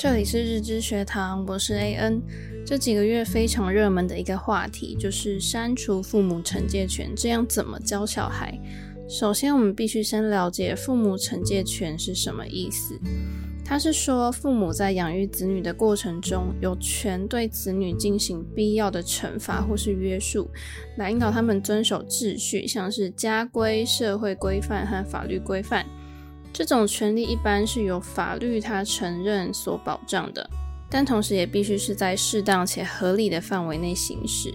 這裡是日知學堂，我是 AN。這幾個月非常熱門的一個話題就是刪除父母懲戒權，這樣怎麼教小孩？首先，我們必須先了解父母懲戒權是什麼意思。它是說，父母在養育子女的過程中，有權對子女進行必要的懲罰或是約束，來引導他們遵守秩序，像是家規、社會規範和法律規範。這種權利一般是由法律它承認所保障的，但同時也必須是在適當且合理的範圍內行使。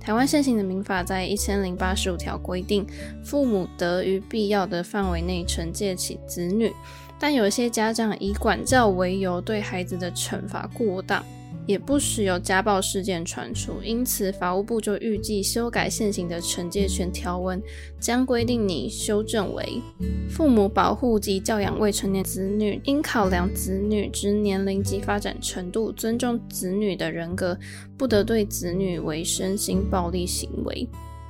台灣現行的民法在一千零八十五條規定，父母得於必要的範圍內懲戒其子女，但有些家長以管教為由對孩子的懲罰過大。也不時有家暴事件傳出，因此法務部就預計修改現行的懲戒權條文，將規定擬修正為：父母保護及教養未成年子女，應考量子女之年齡及發展程度，尊重子女的人格，不得對子女為身心暴力行為。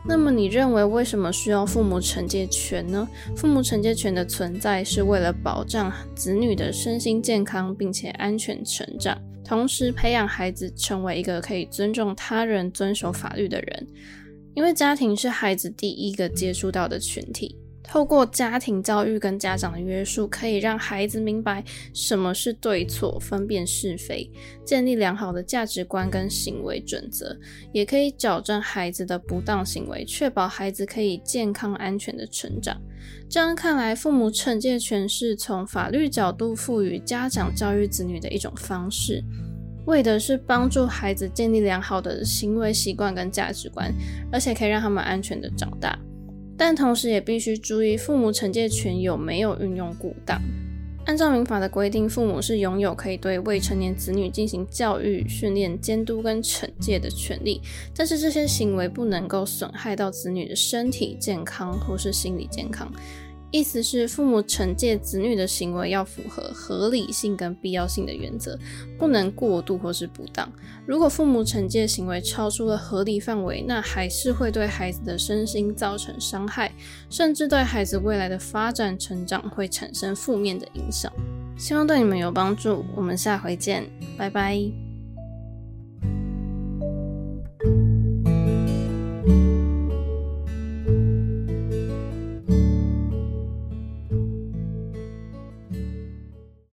那麼，你認為為什麼需要父母懲戒權呢？父母懲戒權的存在是為了保障子女的身心健康，並且安全成長。同時培養孩子成為一個可以尊重他人、遵守法律的人，因為家庭是孩子第一個接觸到的群體。透過家庭教育跟家長的約束，可以讓孩子明白什麼是對錯，分辨是非，建立良好的價值觀跟行為準則，也可以矯正孩子的不當行為，確保孩子可以健康安全的成長。這樣看來，父母懲戒權是從法律角度賦予家長教育子女的一種方式，為的是幫助孩子建立良好的行為習慣跟價值觀，而且可以讓他們安全的長大。但同時，也必須注意父母懲戒權有沒有運用過當。按照民法的規定，父母是擁有可以對未成年子女進行教育、訓練、監督跟懲戒的權利，但是這些行為不能夠損害到子女的身體健康或是心理健康。意思是，父母懲戒子女的行為要符合合理性跟必要性的原則，不能過度或是不當。如果父母懲戒行為超出了合理範圍，那還是會對孩子的身心造成傷害，甚至對孩子未來的發展成長會產生負面的影響。希望對你們有幫助，我們下回見，拜拜。